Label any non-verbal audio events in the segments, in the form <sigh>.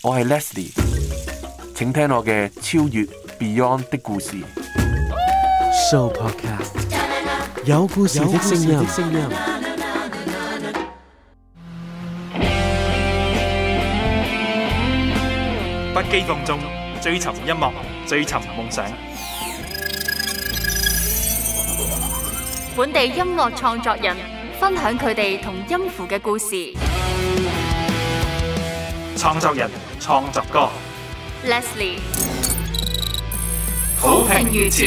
我係 Leslie，請聽我嘅超越 Beyond 的故事 Show Podcast，有故事的聲音，聲音不羈放縱，追尋音樂，追尋夢想。本地音樂創作人分享佢哋同音符嘅故事，創作人。創作歌，Leslie，好評如潮。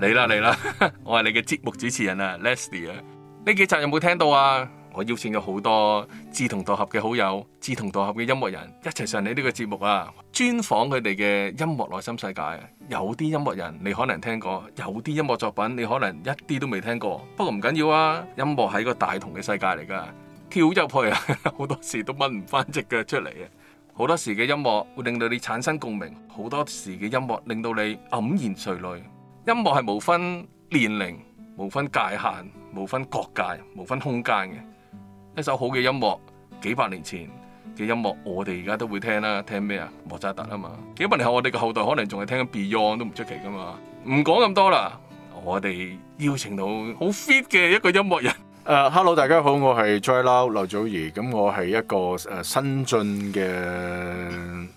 嚟啦嚟啦，我係你嘅節目主持人啊，Leslie 啊，呢幾集有冇聽到啊？我邀請咗好多志同道合嘅好友、志同道合嘅音樂人一齊上嚟呢個節目啊，專訪佢哋嘅音樂內心世界。有啲音樂人你可能聽過，有啲音樂作品你可能一啲都未聽過。不過唔緊要啊，音樂係一個大同嘅世界嚟㗎，跳入去，啊，好多時都掹唔返隻腳出嚟啊。好多時嘅音樂會令到你產生共鳴，好多時嘅音樂令到你黯然垂淚。音樂係無分年齡、無分界限、無分國界、無分空間嘅。一首好嘅音樂，幾百年前嘅音樂，我哋而家都會聽啦、啊。聽咩啊？莫扎特啊嘛。幾百年後，我哋嘅後代可能仲係聽 Beyond 都唔出奇噶嘛。唔講咁多啦。我哋邀請到好 fit 嘅一個音樂人。誒、uh,，Hello，大家好，我係 Try Low 劉祖兒。咁我係一個誒、uh, 新進嘅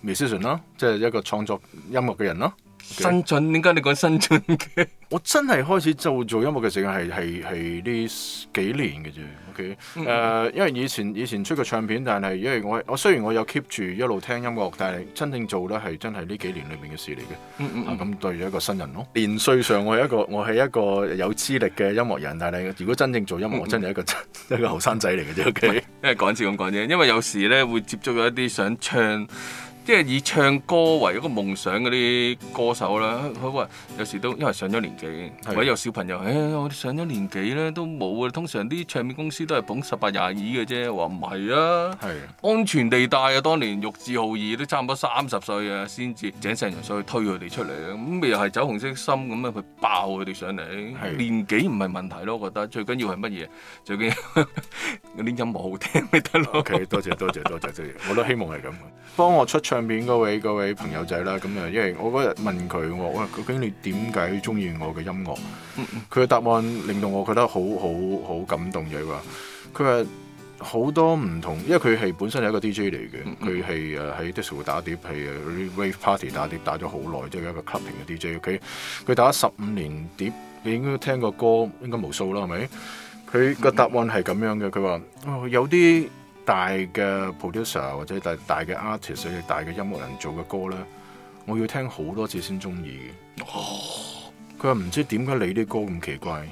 musician 咯、啊，即係一個創作音樂嘅人咯。啊。新進點解你講新進嘅？ <laughs> 我真係開始做做音樂嘅時間係係係呢幾年嘅啫。O K，誒，因為以前以前出過唱片，但係因為我我雖然我有 keep 住一路聽音樂，但係真正做咧係真係呢幾年裏面嘅事嚟嘅。咁、 <laughs> 嗯嗯、對住一個新人咯、哦。年歲上我係一個我係一個有資歷嘅音樂人，但係如果真正做音樂，我真係一個 <laughs> <laughs> 一個後生仔嚟嘅啫。O K。因為講字咁講啫，因為有時咧會接觸到一啲想唱。即係以唱歌為一個夢想嗰啲歌手啦，佢話有時都因為上咗年紀，是的 或者有小朋友，誒、哎、我哋上咗年紀咧都冇啊。」通常啲唱片公司都係捧十八廿二嘅啫，話唔係啊，係是的 安全地帶啊。當年玉置浩二都差唔多三十歲啊，先至整成樣上去推佢哋出嚟啊。咁咪又係酒紅色心咁啊，去爆佢哋上嚟，是的 年紀唔係問題咯，我覺得最緊要係乜嘢？最緊要嗰啲 <laughs> 音樂好聽咪得咯。OK，多謝多謝多謝，多謝，我都希望係咁。幫我出唱。上面嗰位位朋友仔啦，咁啊，因為我嗰日問佢，喂，究竟你點解中意我嘅音樂？佢嘅、mm hmm. 答案令到我覺得好好好感動嘅，話佢話好多唔同，因為佢係本身係一個 DJ 嚟嘅，佢係誒喺 disco 打碟，係 rave party 打碟打咗好耐，即、就、係、是、一個 clubbing 嘅 DJ。佢佢打咗十五年碟，你應該聽過歌應該無數啦，係咪？佢個答案係咁樣嘅，佢話、mm hmm. 哦、有啲。大嘅 producer 或者大大嘅 artist 或者大嘅音樂人做嘅歌咧，我要聽好多次先中意嘅。佢話唔知點解你啲歌咁奇怪，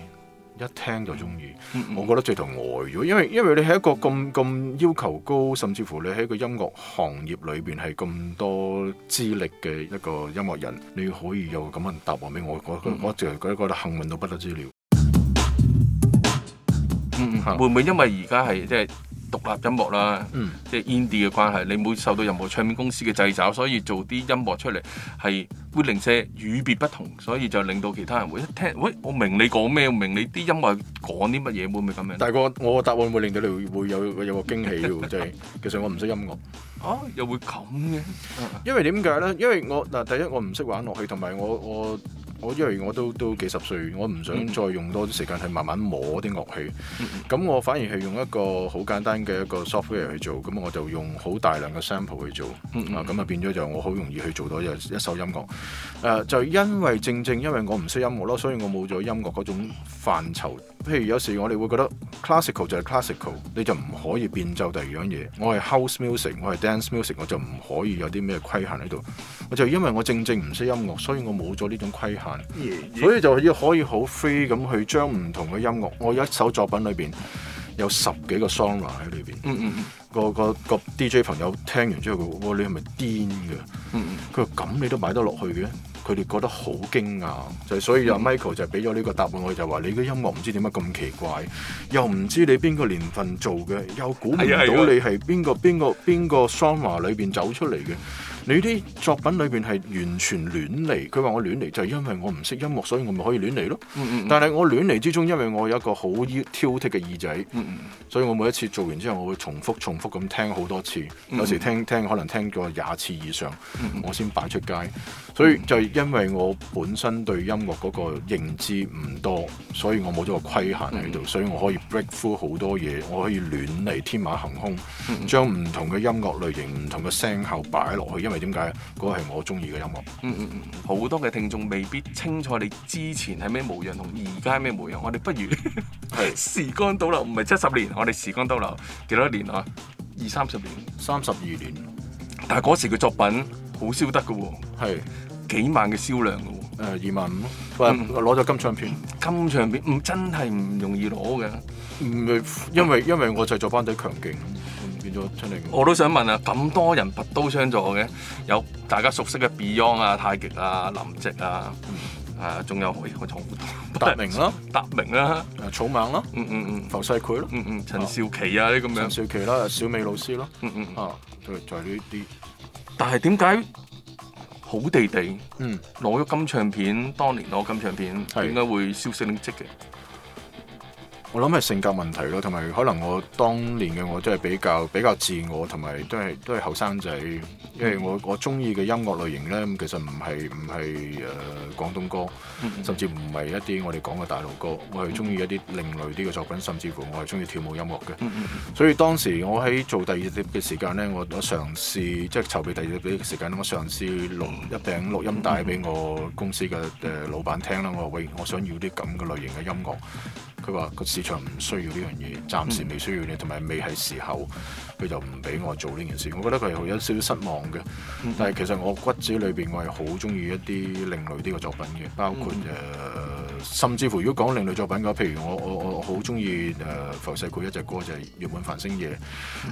一聽就中意。嗯嗯、我覺得最係頭呆咗，因為因為你係一個咁咁要求高，甚至乎你喺個音樂行業裏邊係咁多資歷嘅一個音樂人，你可以有咁樣答話俾我。我、嗯、我淨係覺得幸運到不得之了。嗯，嗯會唔會因為而家係即係？嗯即係獨立音樂啦，即係 indie 嘅關係，你冇受到任何唱片公司嘅掣肘，所以做啲音樂出嚟係會令些與別不同，所以就令到其他人會一聽，喂，我明你講咩，我明你啲音樂講啲乜嘢，會唔會咁樣？但係，我個答案會令到你會有有個驚喜嘅， <laughs> 就係、是、其實我唔識音樂。 <laughs> 啊，又會咁嘅？因為點解咧？因為我嗱，第一我唔識玩樂器，同埋我我。我我因為我都都幾十歲，我唔想再用多啲時間去慢慢摸啲樂器，咁、嗯嗯、我反而係用一個好簡單嘅一個 software 去做，咁我就用好大量嘅 sample 去做，嗯嗯啊咁啊變咗就我好容易去做到一一首音樂，誒、啊、就是、因為正正因為我唔識音樂咯，所以我冇咗音樂嗰種範疇。譬如有時我哋會覺得 classical 就係 classical，你就唔可以變奏第二樣嘢。我係 house music，我係 dance music，我就唔可以有啲咩規限喺度。我就因為我正正唔識音樂，所以我冇咗呢種規限，yeah, yeah. 所以就要可以好 free 咁去將唔同嘅音樂。我一首作品裏邊有十幾個 song 喺裏邊。嗯嗯嗯。個個個 DJ 朋友聽完之後，佢：哇！你係咪癲嘅？嗯嗯、mm。佢、hmm. 話：咁你都擺得落去嘅？佢哋覺得好驚訝，就所以阿 Michael 就俾咗呢個答案，我就話：你嘅音樂唔知點解咁奇怪，又唔知你邊個年份做嘅，又估唔到你係邊個邊個邊個桑華裏邊走出嚟嘅。你啲作品裏邊係完全亂嚟，佢話我亂嚟就係因為我唔識音樂，所以我咪可以亂嚟咯。嗯嗯、但係我亂嚟之中，因為我有一個好挑剔嘅耳仔，嗯嗯、所以我每一次做完之後，我會重複重複咁聽好多次，有時聽聽可能聽過廿次以上，嗯嗯、我先擺出街。所以就係因為我本身對音樂嗰個認知唔多，所以我冇咗個規限喺度，嗯、所以我可以 break through 好多嘢，我可以亂嚟天馬行空，將唔同嘅音樂類型、唔同嘅聲效擺落去，因為。點解？嗰、那個係我中意嘅音樂、嗯。嗯嗯嗯，好多嘅聽眾未必清楚你之前係咩模樣，同而家係咩模樣。我哋不如係 <laughs> 是時光倒流，唔係七十年，我哋時光倒流幾多年啊？二三十年，三十二年。但係嗰時嘅作品好燒得嘅喎，係是幾萬嘅銷量嘅喎、哦。誒、呃，二萬五攞咗金唱片。金唱片唔真係唔容易攞嘅，唔因為因為我製作班底強勁。變咗出嚟我都想問啊！咁多人拔刀相助嘅，有大家熟悉嘅 Beyond 啊、太極啊、林夕啊，嗯、啊，仲有何何唐達明咯、啊、達明啦、啊啊、草蜢咯、啊、嗯嗯嗯、浮世繪咯、嗯、嗯嗯、陳少琪啊呢咁、啊、樣。陳少琪啦、啊、小美老師咯、啊，嗯嗯、嗯啊，就係呢啲。但係點解好地地攞咗金唱片，嗯、當年攞金唱片，點解會消失匿跡嘅？我諗係性格問題咯，同埋可能我當年嘅我都係比較比較自我，同埋都係都係後生仔。因為我我中意嘅音樂類型咧，其實唔係唔係誒廣東歌，甚至唔係一啲我哋講嘅大陸歌。我係中意一啲另類啲嘅作品，甚至乎我係中意跳舞音樂嘅。所以當時我喺做第二碟嘅時間咧，我我嘗試即係籌備第二碟嘅時間，我嘗試錄一頂錄音帶俾我公司嘅誒、呃、老闆聽啦。我話喂，我想要啲咁嘅類型嘅音樂。佢話個市場唔需要呢樣嘢，暫時未需要你，同埋未係時候，佢就唔俾我做呢件事。我覺得佢係有少少失望嘅。嗯、但係其實我骨子裏邊，我係好中意一啲另類啲嘅作品嘅，包括誒、嗯呃，甚至乎如果講另類作品嘅話，譬如我我我好中意誒浮世繪一隻歌就係、是、日本繁星夜，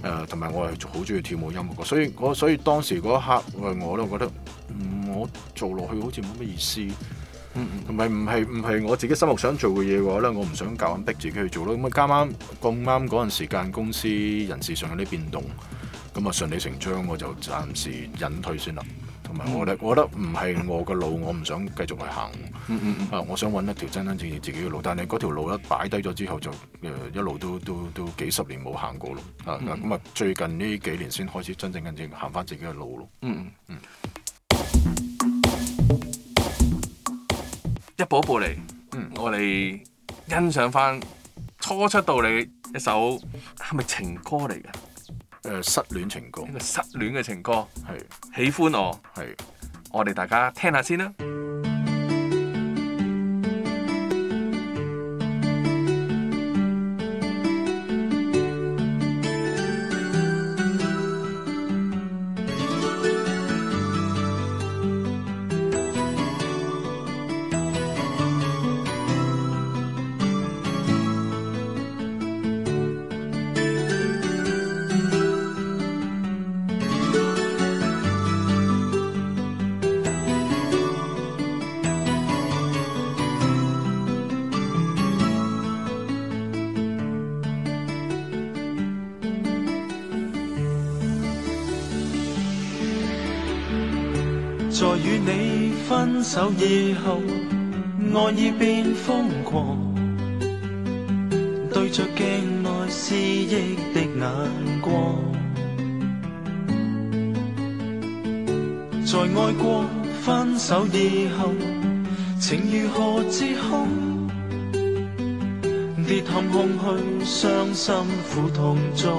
誒同埋我係好中意跳舞音樂嘅。所以，我所以當時嗰一刻，我都覺得，我做落去好似冇乜意思。同埋唔係唔係我自己心目想做嘅嘢嘅話咧，我唔想夾硬逼自己去做咯。咁啊，啱啱咁啱嗰陣時間公司人事上有啲變動，咁啊順理成章我就暫時隱退先啦。同埋我咧，我覺得唔係、嗯、我嘅路，我唔想繼續去行。嗯嗯嗯、啊，我想揾一條真真正正自己嘅路，但係嗰條路一擺低咗之後就，就、呃、一路都都都，都幾十年冇行過咯。咁啊最近呢幾年先開始真正正正行翻自己嘅路咯。嗯嗯嗯。一步一步嚟，嗯，我哋欣賞翻初出道你一首係咪情歌嚟嘅？誒、呃，失戀情歌，個失戀嘅情歌，係是喜歡我，係是，我哋大家聽下先啦。在與你分手以後，愛已變瘋狂。對着鏡內肆意的眼光，在愛過分手以後，情如何自控？跌陷空虛，傷心苦痛中。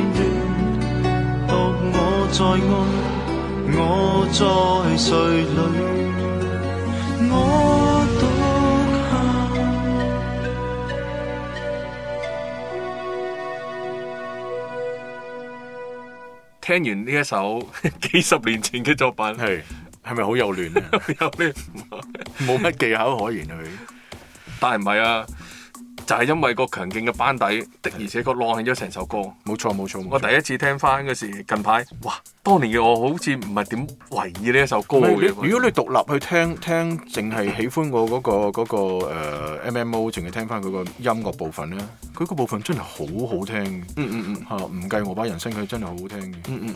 在愛，我在睡裡，我獨行。聽完呢一首幾十年前嘅作品係係，係係咪好幼嫩咧？有咩冇乜技巧可言但啊？但係唔係啊？但係因為個強勁嘅班底的，而且個浪起咗成首歌，冇錯冇錯。錯，我第一次聽翻嘅時，近排哇，當年嘅我好似唔係點留意呢一首歌。如果你獨立去聽聽，淨係喜歡我嗰、嗰個、嗰個誒、嗰個、M M O，淨係聽翻佢個音樂部分咧，佢個部分真係好好聽。嗯嗯嗯，吓唔計我把人聲，佢真係好好聽嘅。嗯，嗯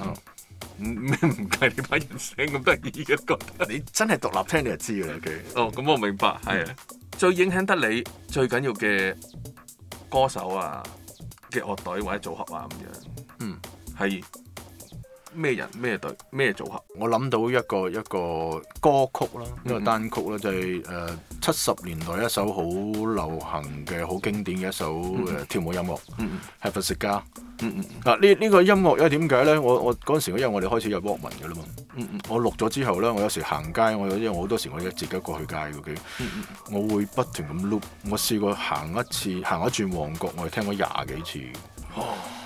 嗯，唔計好你把人聲咁得意一個？ <noise> 你真係獨立聽你就知嘅啦。Okay? 哦，咁我明白，係啊。嗯 yeah. 最影響得你最緊要嘅歌手啊、嘅樂隊或者組合啊，咁樣，嗯，係。是咩人咩隊咩組合？我諗到一個一個歌曲啦，一個單曲啦，就係誒七十年代一首好流行嘅好經典嘅一首跳舞音樂。嗯嗯，Have a cigar 呢呢個音樂因為點解呢？我我嗰陣時因為我哋開始入 Walkman 嘅啦嘛。我錄咗之後呢，我有時行街，我有因為我好多時我一直都過去街嘅，我會不停咁碌，我試過行一次，行一轉旺角，我聽過廿幾次。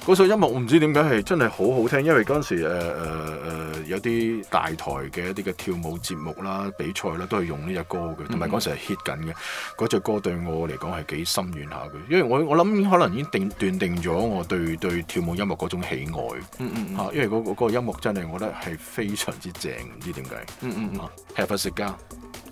嗰首音樂我唔知點解係真係好好聽，因為嗰陣時誒誒、呃呃、有啲大台嘅一啲嘅跳舞節目啦、比賽啦，都係用呢隻歌嘅，同埋嗰陣時 hit 緊嘅。嗰隻歌對我嚟講係幾心軟下嘅，因為我我諗可能已經斷斷定咗我對對跳舞音樂嗰種喜愛。嗯嗯嗯。啊、因為嗰嗰個音樂真係我覺得係非常之正，唔知點解。嗯嗯。Have a cigar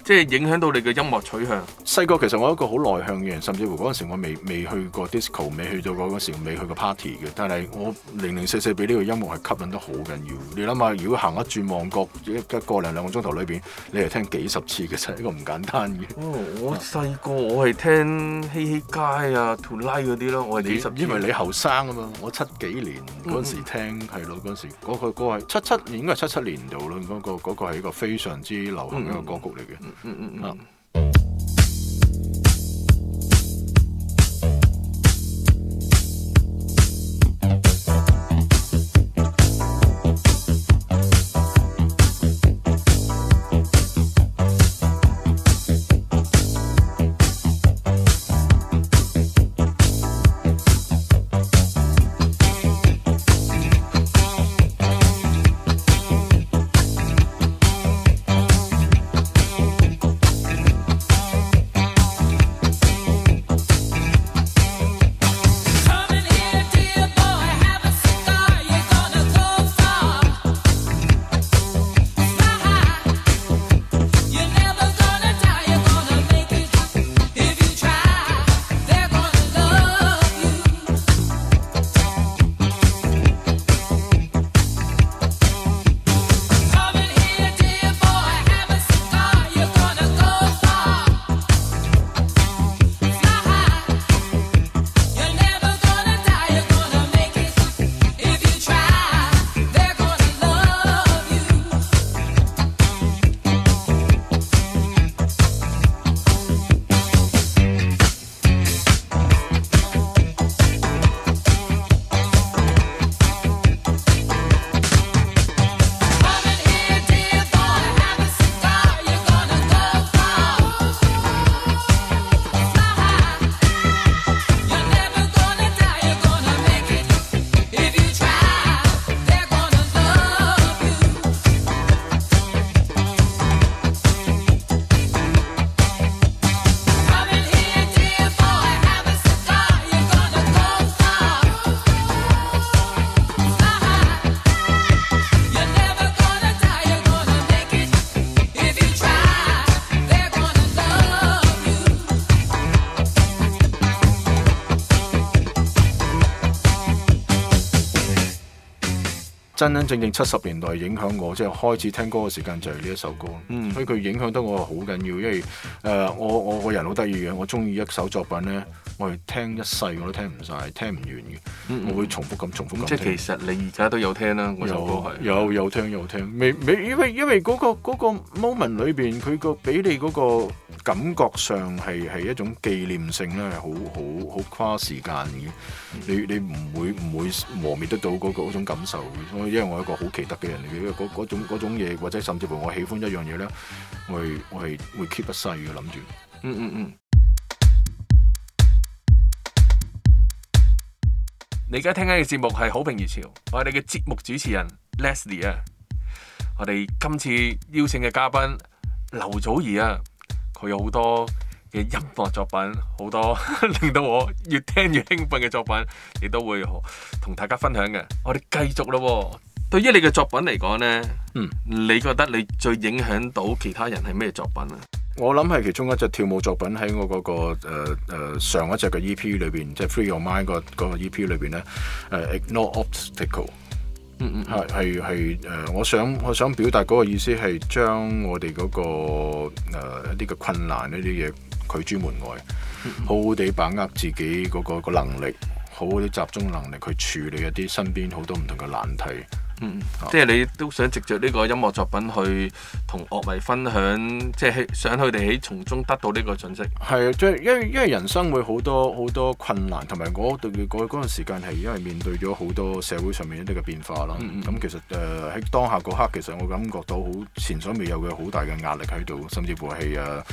即係影響到你嘅音樂取向。細個其實我係一個好內向嘅人，甚至乎嗰陣時我未未去過 disco，未去到嗰時未去過 party 嘅。但係我零零四四俾呢個音樂係吸引得好緊要。你諗下，如果行一轉旺角一一,一,一,一,一,一兩兩兩個零兩個鐘頭裏邊，你係聽幾十次嘅，真係一個唔簡單嘅、哦。我細個我係聽嘻哈街啊、Tula 嗰啲咯，我係幾十，因為你後生啊嘛。我七幾年嗰陣時聽係咯，嗰陣、嗯、時嗰、嗰個歌係、嗰個、七,七,七,七,七,七七年應該係七七年度咯，嗰、嗰個嗰、嗰個係、嗰個、一個非常之流行嘅歌曲嚟嘅。嗯嗯嗯。真真正正七十年代影響我，即係開始聽歌嘅時間就係呢一首歌，嗯、所以佢影響得我好緊要，因為誒我我個人好得意嘅，我中意一首作品咧。我係聽一世我都聽唔晒，聽唔完嘅。嗯嗯我會重複咁重複咁、嗯。即係其實你而家都有聽啦、啊，首歌係有是有，有聽有聽。未未，因為因為嗰、那個那個 moment 裏邊，佢個俾你嗰個感覺上係係一種紀念性咧，好好好跨時間嘅、嗯。你你唔會唔會磨滅得到嗰、那個種感受，因為我係一個好奇特嘅人嚟嘅，嗰嗰種嘢或者甚至乎我喜歡一樣嘢咧，我係我係會 keep 一世嘅諗住。嗯嗯嗯。你而家聽緊嘅節目係《好評如潮》，我哋嘅節目主持人 Leslie 啊，我哋今次邀請嘅嘉賓劉祖兒啊，佢有好多嘅音樂作品，好多 <laughs> 令到我越聽越興奮嘅作品，你都會同大家分享嘅，我哋繼續咯。對於你嘅作品嚟講咧，嗯，你覺得你最影響到其他人係咩作品啊？我諗係其中一隻跳舞作品喺我嗰、那個誒誒、呃呃、上一隻嘅 E.P. 裏邊，即係 Free Your Mind 個嗰、那個 E.P. 裏邊咧，誒、呃、Ignore Obstacle，嗯、嗯嗯、係係係誒，我想我想表達嗰個意思係將我哋嗰、那個誒一啲嘅困難呢啲嘢拒諸門外，嗯嗯好好地把握自己嗰個個能力，好好啲集中能力去處理一啲身邊好多唔同嘅難題。嗯，即係你都想藉着呢個音樂作品去同樂迷分享，即係想佢哋喺從中得到呢個信息。係啊，最因為因為人生會好多好多困難，同埋我對嗰嗰段時間係因為面對咗好多社會上面一啲嘅變化啦。咁、嗯嗯、其實誒喺、呃、當下嗰刻，其實我感覺到好前所未有嘅好大嘅壓力喺度，甚至乎係啊。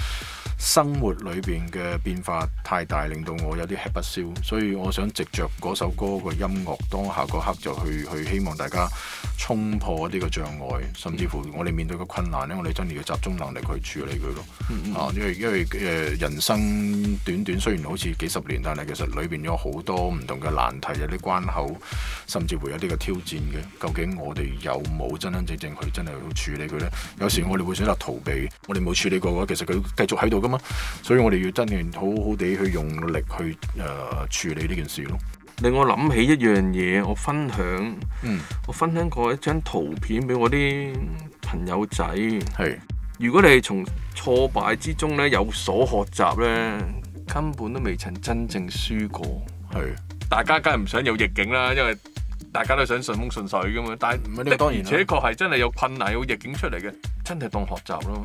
生活裏邊嘅變化太大，令到我有啲吃不消，所以我想藉着嗰首歌嘅音樂，當下嗰刻就去去希望大家衝破一啲嘅障礙，甚至乎我哋面對嘅困難咧，我哋真係要集中能力去處理佢咯。Mm hmm. 啊，因為因為誒、呃、人生短短，雖然好似幾十年，但係其實裏邊有好多唔同嘅難題，有啲關口，甚至乎有啲嘅挑戰嘅。究竟我哋有冇真真正正去真係去處理佢咧？Mm hmm. 有時我哋會選擇逃避，我哋冇處理過嘅話，其實佢繼續喺度。咁所以我哋要真係好好地去用力去誒、呃、處理呢件事咯。令我諗起一樣嘢，我分享，嗯，我分享過一張圖片俾我啲朋友仔。係是，如果你係從挫敗之中咧有所學習咧，根本都未曾真正輸過。係是，大家梗係唔想有逆境啦，因為。大家都想順風順水咁啊，但係而且確係真係有困難有逆境出嚟嘅，真係當學習咯。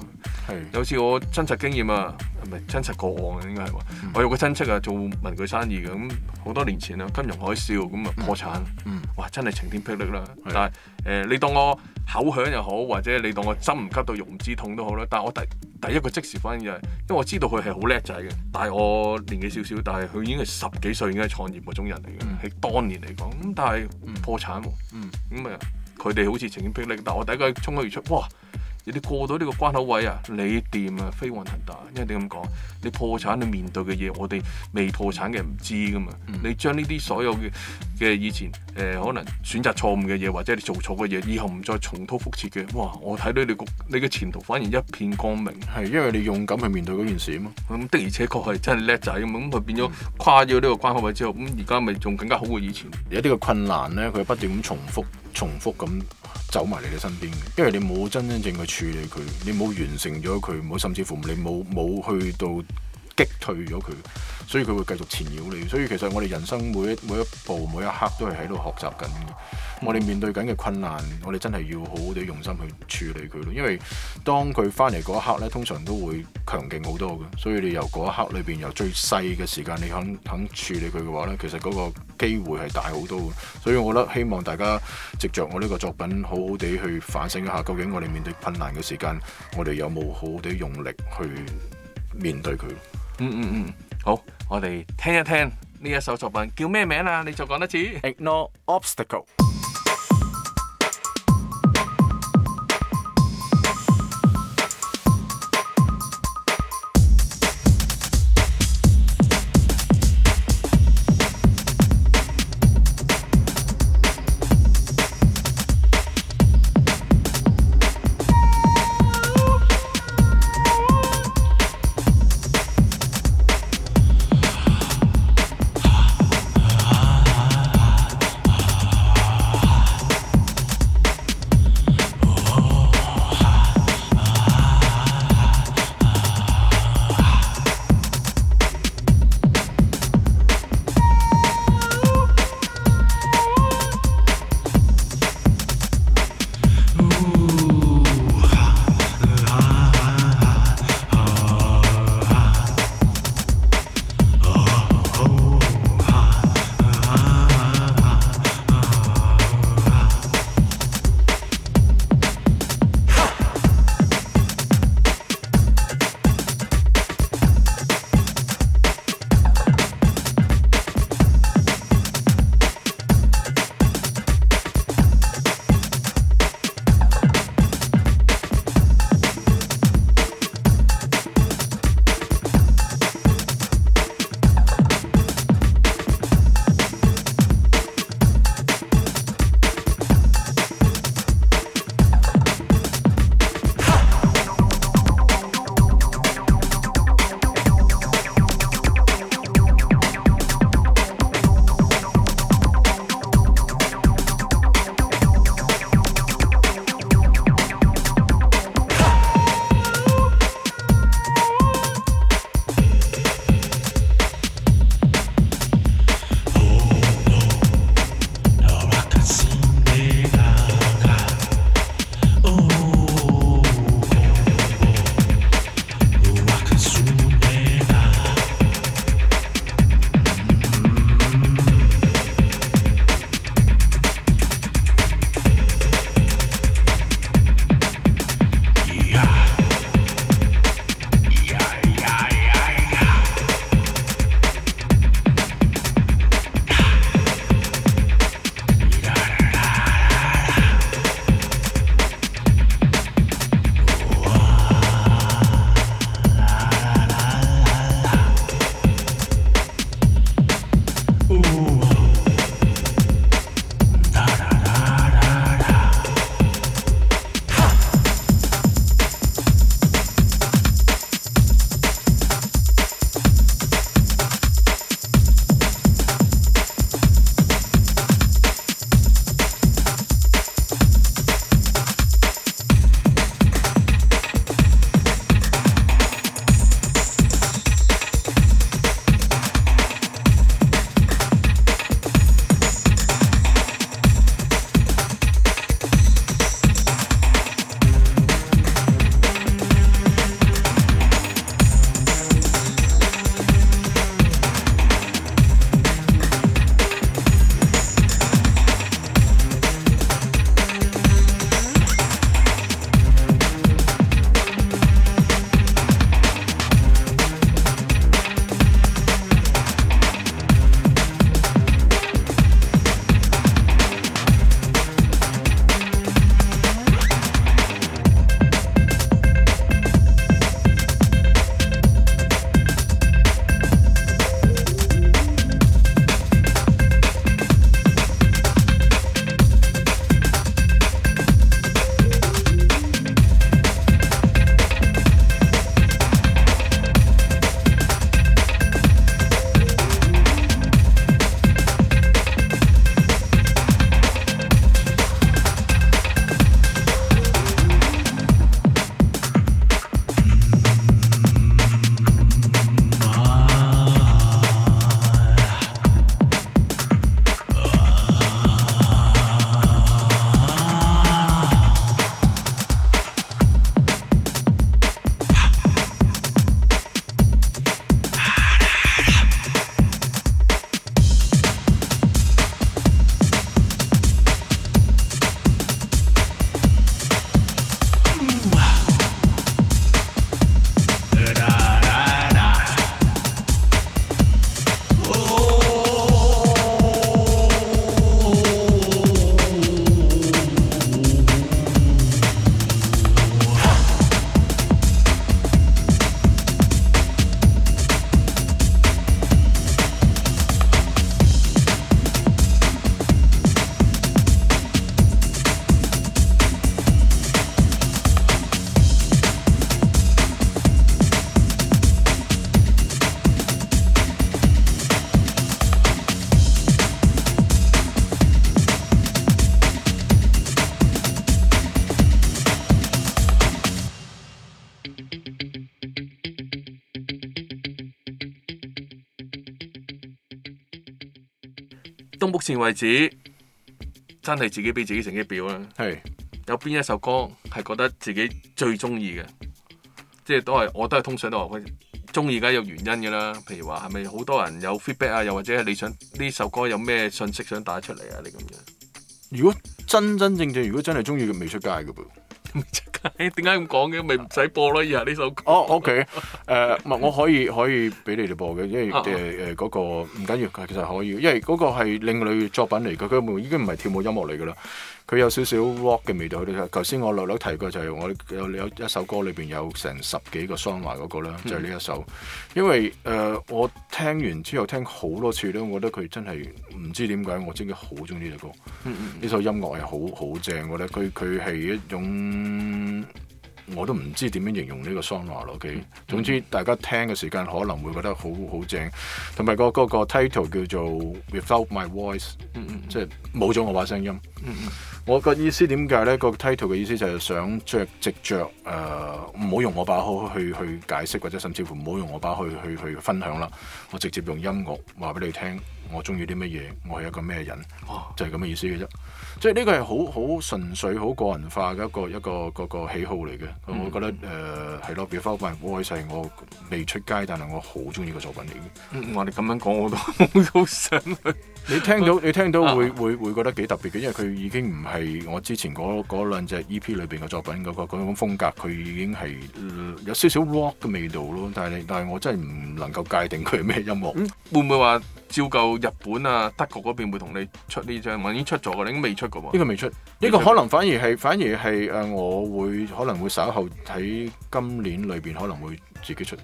係是，有次我真實經驗啊。嗯咪親戚過旺啊，應該係話。我有個親戚啊，做文具生意嘅，咁好多年前啦，金融海嘯咁啊破產。嗯嗯、哇，真係晴天霹靂啦！是的 但係誒、呃，你當我口響又好，或者你當我心唔急到肉唔知痛都好啦。但係我第第一個即時反應係，因為我知道佢係好叻仔嘅，但係我年紀少少，嗯、但係佢已經係十幾歲已經係創業嗰種人嚟嘅，喺、嗯、當年嚟講。咁但係破產喎。咁啊、嗯，佢、嗯、哋、嗯、好似晴天霹靂，但係我第一個衝出而出，哇！你過到呢個關口位啊，你掂啊飛黃騰達，因為你咁講，你破產你面對嘅嘢，我哋未破產嘅人唔知噶嘛。嗯、你將呢啲所有嘅嘅以前誒、呃、可能選擇錯誤嘅嘢，或者你做錯嘅嘢，以後唔再重蹈覆轍嘅，哇！我睇到你哋個你嘅前途反而一片光明。係因為你勇敢去面對嗰件事啊嘛。咁、嗯、的而且確係真係叻仔啊咁。佢變咗跨咗呢個關口位之後，咁而家咪仲更加好過以前。有啲嘅困難咧，佢不斷咁重複。重複咁走埋嚟你身邊，因為你冇真真正正去處理佢，你冇完成咗佢，冇甚至乎你冇冇去到。擊退咗佢，所以佢會繼續纏繞你。所以其實我哋人生每一每一步、每一刻都係喺度學習緊。嗯、我哋面對緊嘅困難，我哋真係要好好地用心去處理佢咯。因為當佢翻嚟嗰一刻咧，通常都會強勁好多嘅。所以你由嗰一刻裏邊，由最細嘅時間，你肯肯處理佢嘅話咧，其實嗰個機會係大好多嘅。所以我覺得希望大家藉着我呢個作品，好好地去反省一下，究竟我哋面對困難嘅時間，我哋有冇好好地用力去面對佢。嗯嗯嗯，好，我哋聽一聽呢一首作品叫咩名啊？你再講一次，Ignore Obstacle。Ign 到目前為止，真係自己俾自己成績表啦。係是，有邊一首歌係覺得自己最中意嘅？即係都係我都係通常都話佢中意梗有原因嘅啦。譬如話係咪好多人有 feedback 啊？又或者你想呢首歌有咩信息想打出嚟啊？你咁樣。如果真真正正，如果真係中意嘅，未出街嘅噃。 <laughs> 點解咁講嘅？咪唔使播咯，以後呢首歌。哦，oh，OK，誒，唔係我可以可以俾你哋播嘅，因為誒誒嗰個唔緊要，其實可以，因為嗰個係另類作品嚟嘅，佢已經唔係跳舞音樂嚟嘅啦。佢有少少 rock 嘅味道，你睇。頭先我略略提過就係我有有一首歌裏邊有成十幾個桑華嗰、那個啦，嗯、就係呢一首。因為誒、呃、我聽完之後聽好多次咧，我覺得佢真係唔知點解我真係好中意呢首歌。嗯嗯，呢首音樂係好好正嘅咧。佢佢係一種。我都唔知點樣形容呢個 song 話咯。OK，、mm hmm. 總之大家聽嘅時間可能會覺得好好正，同埋、那個嗰、那個那個 title 叫做 Without My Voice，、mm hmm. 即係冇咗我把聲音。Mm hmm. 我個意思點解呢？那個 title 嘅意思就係想着藉着，誒、呃，唔好用我把口去去解釋或者甚至乎唔好用我把口去去去分享啦。我直接用音樂話俾你聽，我中意啲乜嘢，我係一個咩人，哦、就係咁嘅意思嘅啫。即係呢個係好好純粹好個人化嘅一個一個一個，一個喜好嚟嘅，嗯、我覺得誒係咯，比如翻嗰份《愛》係我未出街，但係我好中意個作品嚟嘅。嗯、我哋咁樣講，我都好想 <laughs> 你聽到，你聽到會 <laughs> 會會，會覺得幾特別嘅，因為佢已經唔係我之前嗰嗰兩隻 EP 裏邊嘅作品嗰、嗰個嗰種、嗰個、風格，佢已經係、呃、有少少 rock 嘅味道咯。但係但係我真係唔能夠界定佢係咩音樂，嗯、會唔會話？照舊日本啊德國嗰邊會同你出呢張，我已經出咗嘅，你已經未出過喎。呢個未出，呢出個可能反而係反而係誒，我會可能會稍後喺今年裏邊可能會自己出。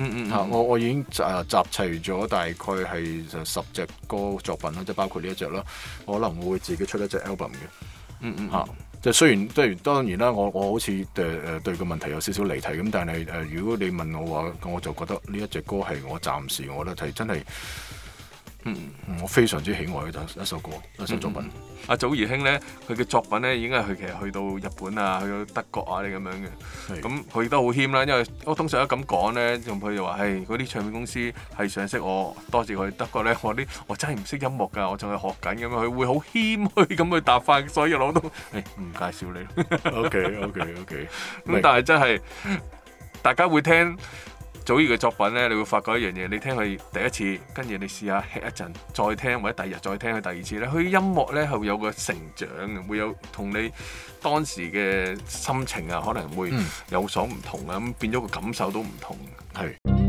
嗯嗯，嚇、嗯、我我已經集集齊咗大概係十隻歌作品啦，即包括呢一隻啦，我可能會自己出一隻 album 嘅。嗯嗯，嚇即係雖然即係當然啦，我我好似誒誒對個、呃、問題有少少離題咁，但係誒、呃、如果你問我話，我就覺得呢一隻歌係我暫時我覺得係真係。嗯，mm hmm. 我非常之喜愛佢一首歌，一首作品。阿、mm hmm. 祖兒兄咧，佢嘅作品咧已經係佢其實去到日本啊，去到德國啊，你咁樣嘅。咁佢亦都好謙啦，因為我通常都咁講咧，仲佢就話：唉、哎，嗰啲唱片公司係想識我，多謝佢德國咧，我啲我真係唔識音樂㗎，我仲係學緊咁樣，佢會好謙虛咁去答返。所以攞到，唉、哎，唔介紹你。OK，OK，OK。咁但係真係大家會聽。祖兒嘅作品呢，你會發覺一樣嘢，你聽佢第一次，跟住你試下吃一陣，再聽或者第二日再聽佢第二次呢，佢音樂呢，係會有個成長嘅，會有同你當時嘅心情啊，可能會有所唔同啊，咁、嗯、變咗個感受都唔同，係。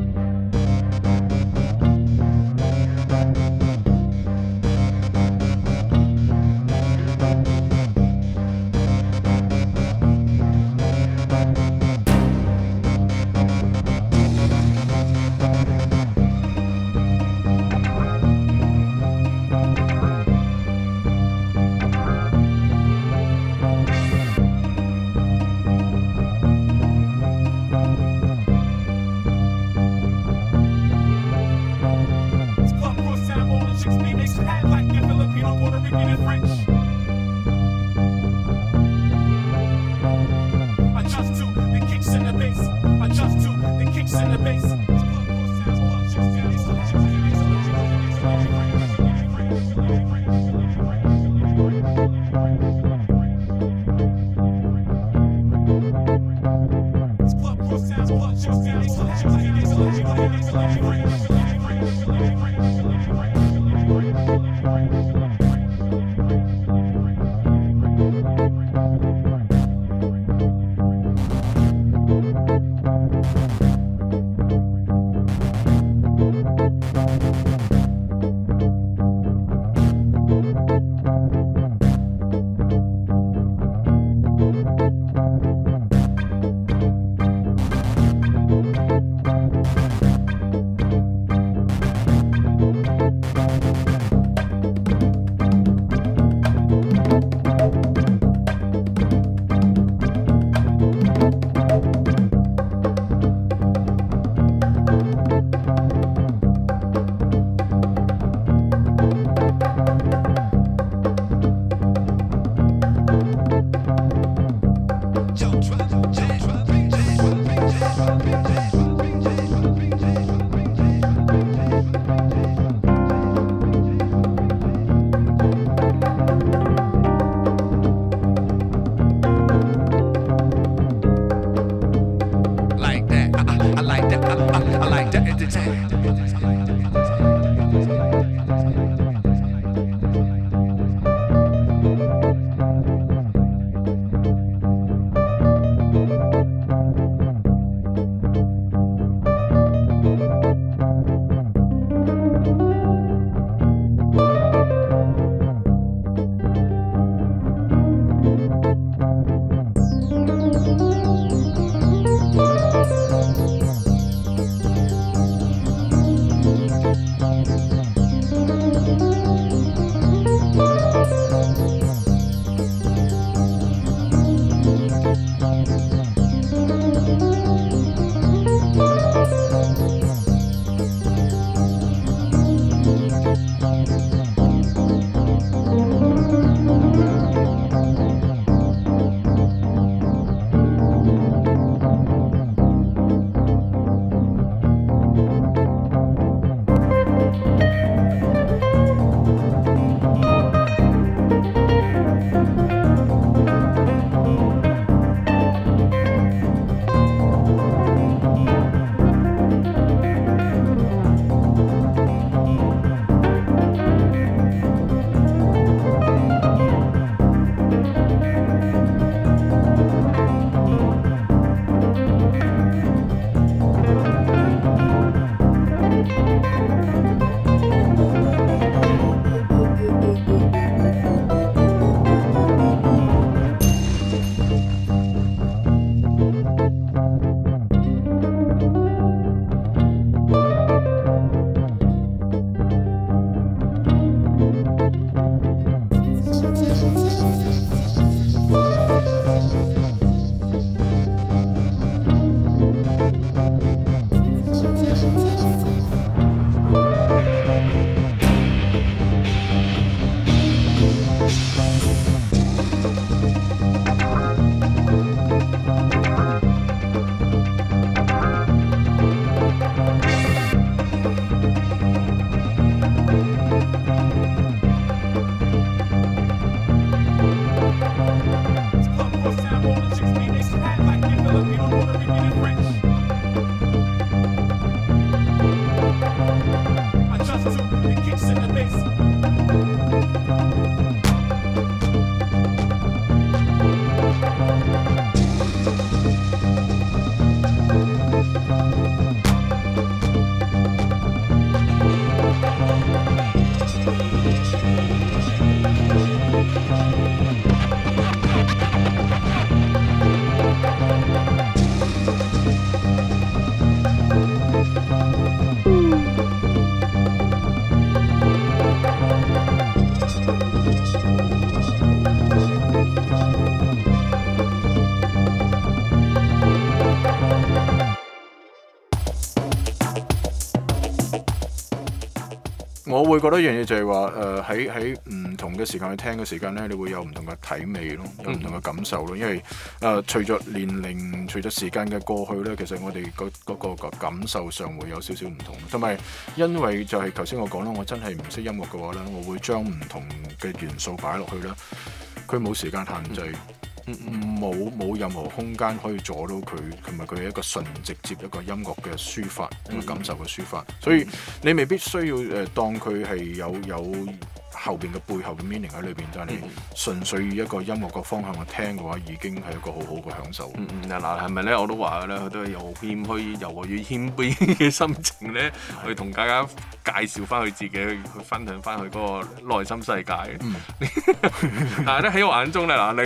我會覺得一樣嘢就係話，誒喺喺唔同嘅時間去聽嘅時間咧，你會有唔同嘅體味咯，有唔同嘅感受咯。嗯、因為誒、呃、隨着年齡，隨着時間嘅過去咧，其實我哋嗰嗰個感受上會有少少唔同。同埋因為就係頭先我講啦，我真係唔識音樂嘅話咧，我會將唔同嘅元素擺落去啦，佢冇時間限制。嗯唔，冇冇任何空間可以阻到佢，同埋佢係一個純直接一個音樂嘅抒發，一個感受嘅抒發，所以你未必需要誒、呃、當佢係有有。有後邊嘅背後嘅 meaning 喺裏邊，就係你純粹以一個音樂嘅方向去聽嘅話，已經係一個好好嘅享受。嗯嗯，嗱、嗯，係咪咧？我都話佢都係有謙虛又有啲謙卑嘅心情咧，的去同大家介紹翻佢自己，去分享翻佢嗰個內心世界。嗯、 <laughs> 但係咧，喺我眼中咧，嗱，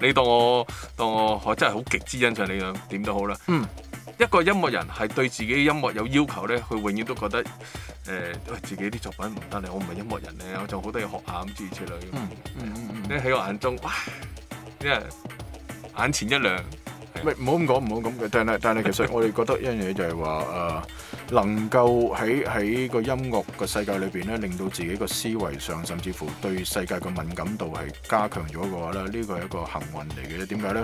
你你當我當我我真係好極之欣賞你咁點都好啦。嗯。一個音樂人係對自己音樂有要求咧，佢永遠都覺得誒，喂、呃、自己啲作品唔得咧，我唔係音樂人咧，我仲好多嘢學下咁之類，之類嗯。嗯嗯嗯嗯，咧喺我眼中，哇！一眼前一亮。唔唔好咁講，唔好咁嘅。但係但係，其實我哋覺得一樣嘢就係話誒，能夠喺喺個音樂嘅世界裏邊咧，令到自己嘅思維上，甚至乎對世界嘅敏感度係加強咗嘅話咧，呢、這個係一個幸運嚟嘅。點解咧？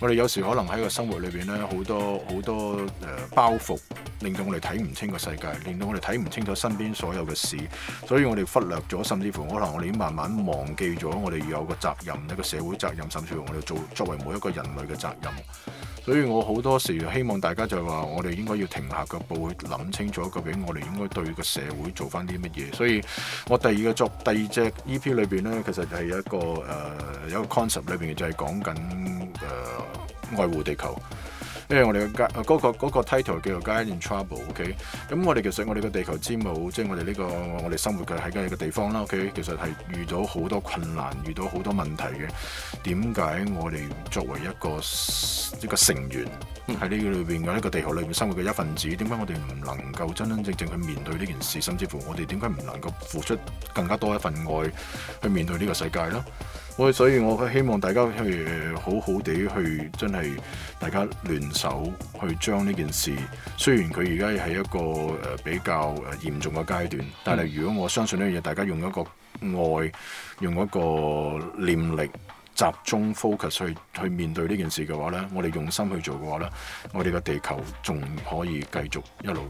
我哋有時可能喺個生活裏邊咧，好多好多誒包袱，令到我哋睇唔清個世界，令到我哋睇唔清楚身邊所有嘅事，所以我哋忽略咗，甚至乎可能我哋已經慢慢忘記咗，我哋要有個責任，一個社會責任，甚至乎我哋做作為每一個人類嘅責任。所以我好多時希望大家就係話，我哋應該要停下腳步去諗清楚究竟我哋應該對個社會做翻啲乜嘢。所以我第二個作第二隻 E.P. 裏邊咧，其實就係一個誒、呃、有一個 concept 裏邊就係講緊誒、呃、愛護地球。因為我哋嘅嗰個嗰個 title 叫做《Get In Trouble》，OK，咁我哋其實我哋嘅地球之母，即係我哋呢個我哋生活嘅喺嘅一個地方啦，OK，其實係遇到好多困難，遇到好多問題嘅。點解我哋作為一個一個成員喺呢個裏邊嘅一個地球裏面生活嘅一份子，點解、嗯、我哋唔能夠真真正正去面對呢件事，甚至乎我哋點解唔能夠付出更加多一份愛去面對呢個世界囉？我所以，我希望大家去好好地去，真係大家聯手去將呢件事。雖然佢而家係一個誒比較誒嚴重嘅階段，但係如果我相信呢樣嘢，大家用一個愛，用一個念力集中 focus 去去面對呢件事嘅話咧，我哋用心去做嘅話咧，我哋嘅地球仲可以繼續一路。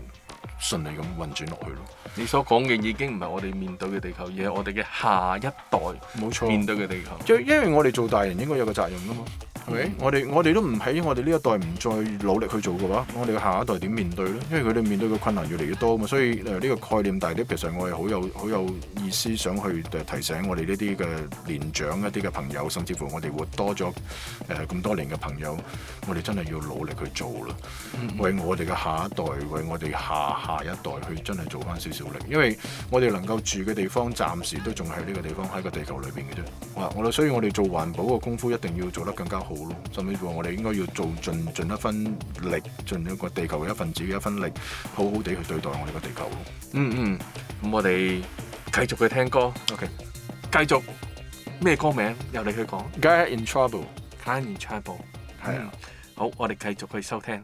順利咁運轉落去咯。你所講嘅已經唔係我哋面對嘅地球，而係我哋嘅下一代面對嘅地球。冇錯，因為我哋做大人應該有個責任㗎嘛。Okay? 我哋我哋都唔喺我哋呢一代唔再努力去做嘅話，我哋嘅下一代點面對咧？因為佢哋面對嘅困難越嚟越多啊嘛，所以誒呢、呃呢個概念大啲。其實我係好有好有意思，想去誒、呃、提醒我哋呢啲嘅年長一啲嘅朋友，甚至乎我哋活多咗誒咁多年嘅朋友，我哋真係要努力去做啦。Mm hmm. 為我哋嘅下一代，為我哋下下一代去真係做翻少少力，因為我哋能夠住嘅地方暫時都仲係呢個地方喺個地球裏邊嘅啫。哇！我哋所以我哋做環保嘅功夫一定要做得更加好。甚至乎我哋應該要做盡盡一分力，盡一個地球嘅一份子嘅一分力，好好地去對待我哋個地球囉。嗯嗯，咁、嗯、我哋繼續去聽歌。OK，繼續咩歌名？由你去講。Get in trouble，Get in trouble，係、嗯、啊。好，我哋繼續去收聽。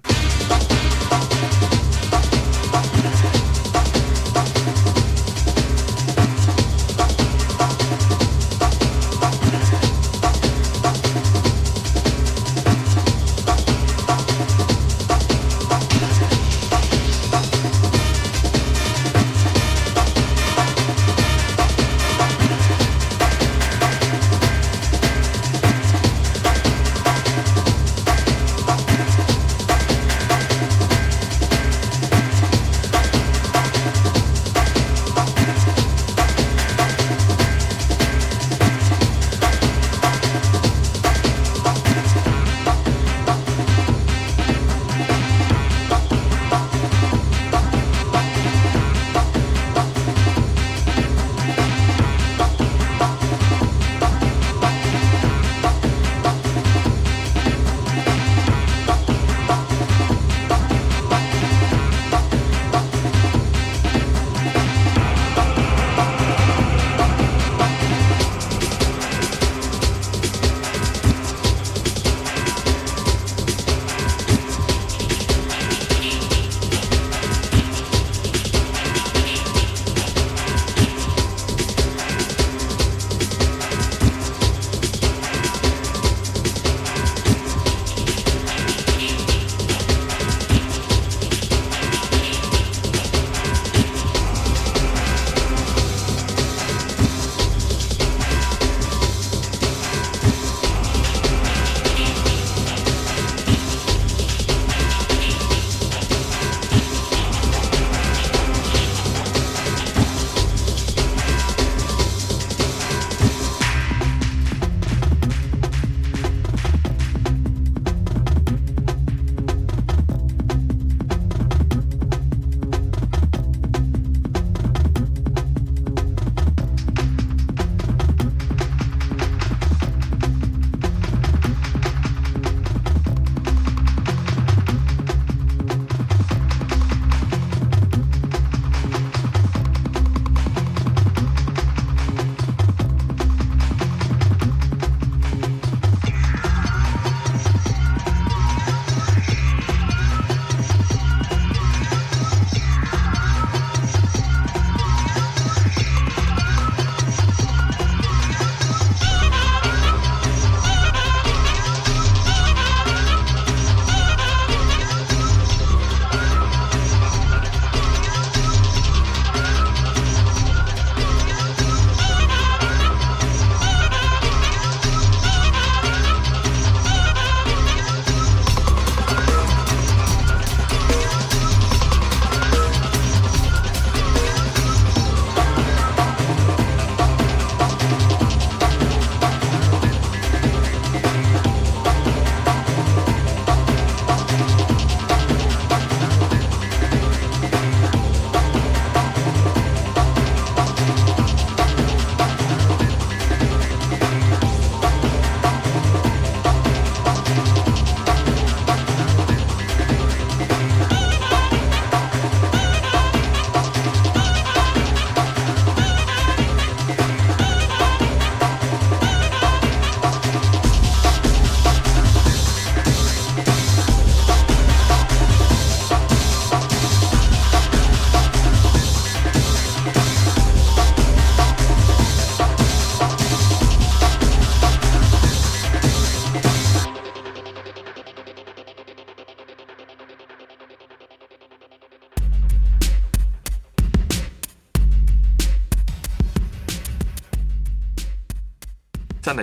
<music>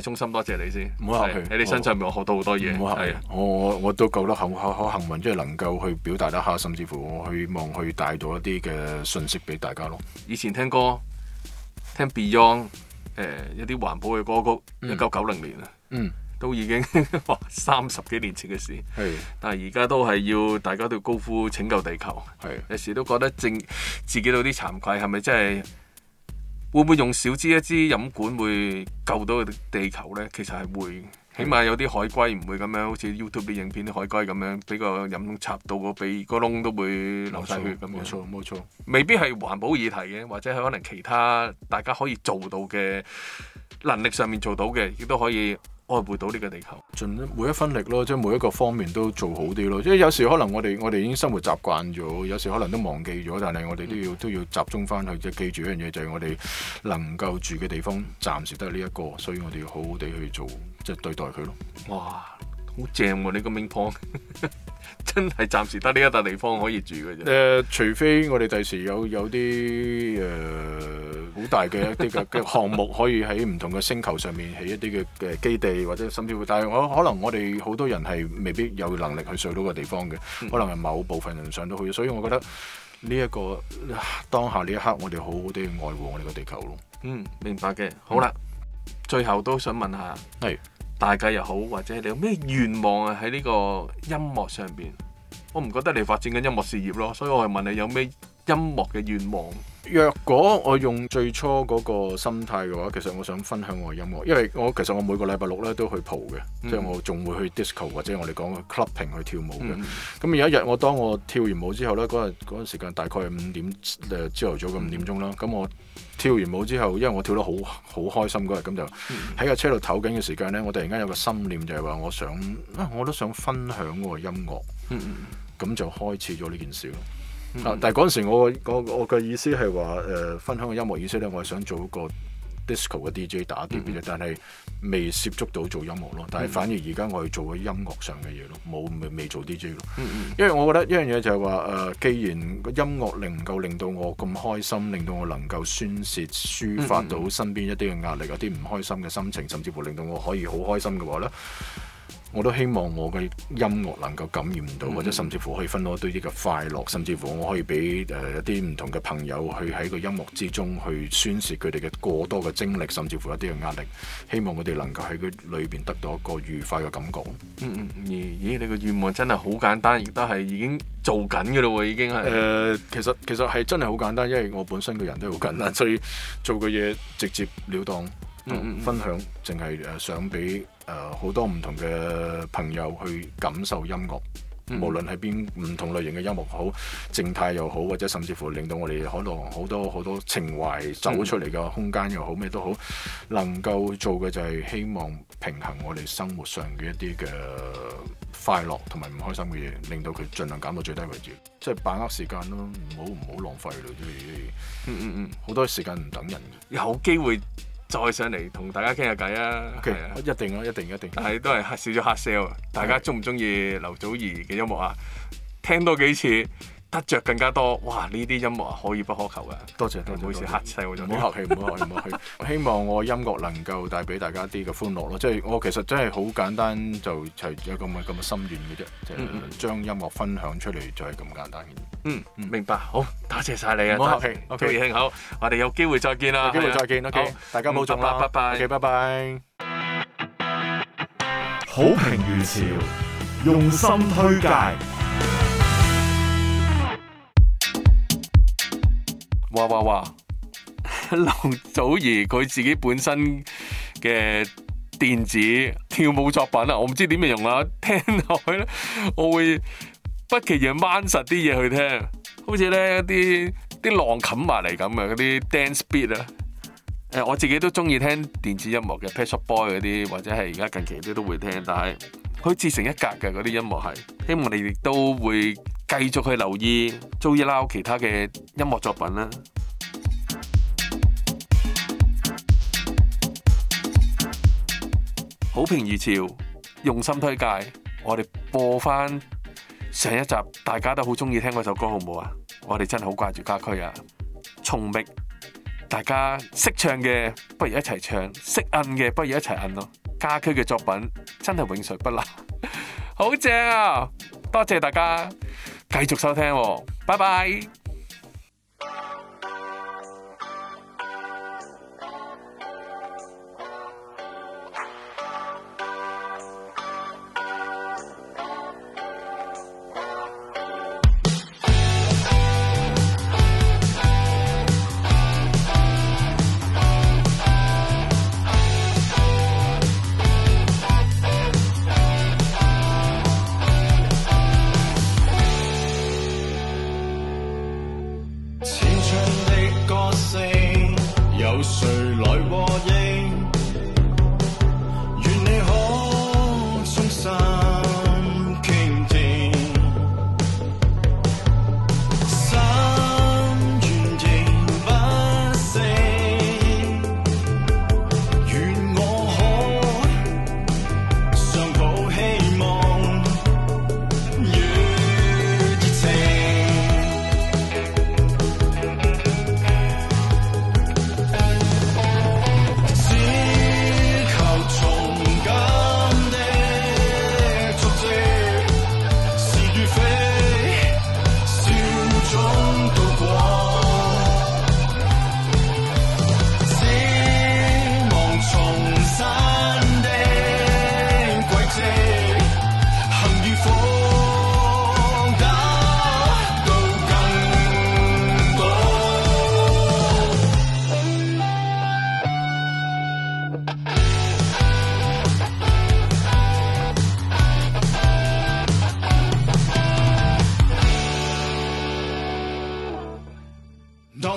衷心多謝你先，唔好客氣。喺你身上面，我學到好多嘢。唔好客氣，我我我都夠得幸幸幸幸運，即係能夠去表達得下，甚至乎我希望去帶到一啲嘅信息俾大家咯。以前聽歌，聽 Beyond，誒一啲環保嘅歌曲，一九九零年啊，嗯，都已經三十幾年前嘅事。係，但係而家都係要大家都高呼拯救地球。係，有時都覺得正自己有啲慚愧，係咪真係？會唔會用少支一支飲管會救到佢哋地球呢？其實係會，的起碼有啲海龜唔會咁樣，好似 YouTube 影片啲海龜咁樣，俾個飲管插到個鼻個窿都會流晒血咁。冇錯，冇錯，錯未必係環保議題嘅，或者係可能其他大家可以做到嘅能力上面做到嘅，亦都可以。愛回到呢個地球，盡每一分力咯，即係每一個方面都做好啲咯。即係有時可能我哋我哋已經生活習慣咗，有時可能都忘記咗，但係我哋都要都要集中翻去，即係記住一樣嘢，就係我哋能夠住嘅地方暫時得呢一個，所以我哋要好好地去做，即係對待佢咯。哇！好正喎！你咁名胖，真係暫時得呢一笪地方可以住嘅啫。誒、呃，除非我哋第時有有啲誒好大嘅 <laughs> 一啲嘅嘅項目，可以喺唔同嘅星球上面起一啲嘅嘅基地，或者甚至乎，但係我可能我哋好多人係未必有能力去上到個地方嘅，嗯、可能係某部分人上到去。所以，我覺得呢、這、一個當下呢一刻我，我哋好好啲愛護我哋個地球咯。嗯，明白嘅。好啦，嗯、最後都想問下。係。大家又好，或者你有咩願望啊？喺呢個音樂上面，我唔覺得你發展緊音樂事業咯，所以我係問你有咩音樂嘅願望。若果我用最初嗰個心態嘅話，其實我想分享我嘅音樂，因為我其實我每個禮拜六咧都去蒲嘅，嗯、即係我仲會去 disco 或者我哋講嘅 clubbing 去跳舞嘅。咁、嗯、有一日我當我跳完舞之後咧，嗰日嗰陣時間大概係五點誒朝頭早嘅五點鐘啦，咁我跳完舞之後，因為我跳得好好開心嗰日，咁就喺架車度唞緊嘅時間咧，我突然間有個心念就係話我想啊，我都想分享我嘅音樂，咁、嗯嗯、就開始咗呢件事咯。嗯嗯啊、但係嗰陣時我，我我嘅意思係話，誒、呃、分享嘅音樂意識咧，我係想做一個 disco 嘅 DJ 打碟 j 嘅，嗯嗯但係未涉足到做音樂咯。但係反而而家我係做咗音樂上嘅嘢咯，冇未，未做 DJ 咯。嗯嗯因為我覺得一樣嘢就係話，誒、呃，既然個音樂能夠令到我咁開心，令到我能夠宣泄抒發到身邊一啲嘅壓力、嗯嗯一啲唔開心嘅心情，甚至乎令到我可以好開心嘅話咧。我都希望我嘅音樂能夠感染到，或者甚至乎可以分攞一啲嘅快樂，甚至乎我可以俾誒一啲唔同嘅朋友去喺個音樂之中去宣泄佢哋嘅過多嘅精力，甚至乎一啲嘅壓力。希望佢哋能夠喺佢裏邊得到一個愉快嘅感覺。嗯嗯，咦、嗯嗯欸？你個願望真係好簡單，亦都係已經做緊㗎咯喎，已經係。誒、呃，其實其實係真係好簡單，因為我本身個人都好簡單，所以做嘅嘢直接了當。分享淨係誒，想俾誒好多唔同嘅朋友去感受音樂，嗯、無論係邊唔同類型嘅音樂，好靜態又好，或者甚至乎令到我哋可能好多好多情懷走出嚟嘅空間又好咩、嗯、都好，能夠做嘅就係希望平衡我哋生活上嘅一啲嘅快樂同埋唔開心嘅嘢，令到佢盡量減到最低位置，即、就、係、是、把握時間咯，唔好唔好浪費咯，即係、嗯，嗯嗯嗯，好多時間唔等人嘅，有機會。再上嚟同大家傾下偈啊，okay，啊一！一定啊，一定一定。但係都係少少 hard sell。的大家中唔中意劉祖兒嘅音樂啊？聽多幾次。得着更加多，哇！呢啲音樂啊，可以不可求嘅。多謝，唔好意思，嚇死我咗。唔好客氣，唔好客氣，唔好客氣。我希望我音樂能夠帶俾大家啲嘅歡樂咯，即係我其實真係好簡單就就咗咁嘅咁嘅心願嘅啫，即係將音樂分享出嚟就係咁簡單嘅。嗯，明白。好，多謝晒你啊！好，我哋有機會再見啦。有機會再見，大家冇錯啦，拜拜，拜拜。好評如潮，用心推介。哇哇哇！劉祖兒佢自己本身嘅電子跳舞作品啊，我唔知點樣用啦。聽落去咧，我會不其而掹實啲嘢去聽，好似咧一啲啲浪冚埋嚟咁嘅嗰啲 dance beat 啊。誒、呃，我自己都中意聽電子音樂嘅 Pet Shop Boy 嗰啲，或者係而家近期啲都會聽，但係佢自成一格嘅嗰啲音樂係，希望你亦都會。繼續去留意 Joey Lau 其他嘅音樂作品啦，好評如潮，用心推介。我哋播翻上一集大家都好中意聽嗰首歌，好唔好啊？我哋真係好掛住家駒啊！重複，大家識唱嘅不如一齊唱，識摁嘅不如一齊摁咯。家駒嘅作品真係永垂不朽，好正啊！多謝大家。繼續收聽哦，拜拜。